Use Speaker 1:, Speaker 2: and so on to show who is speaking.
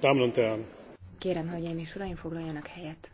Speaker 1: Damen und Herren!
Speaker 2: Kérem, hölgyeim és uraim, foglaljanak helyet!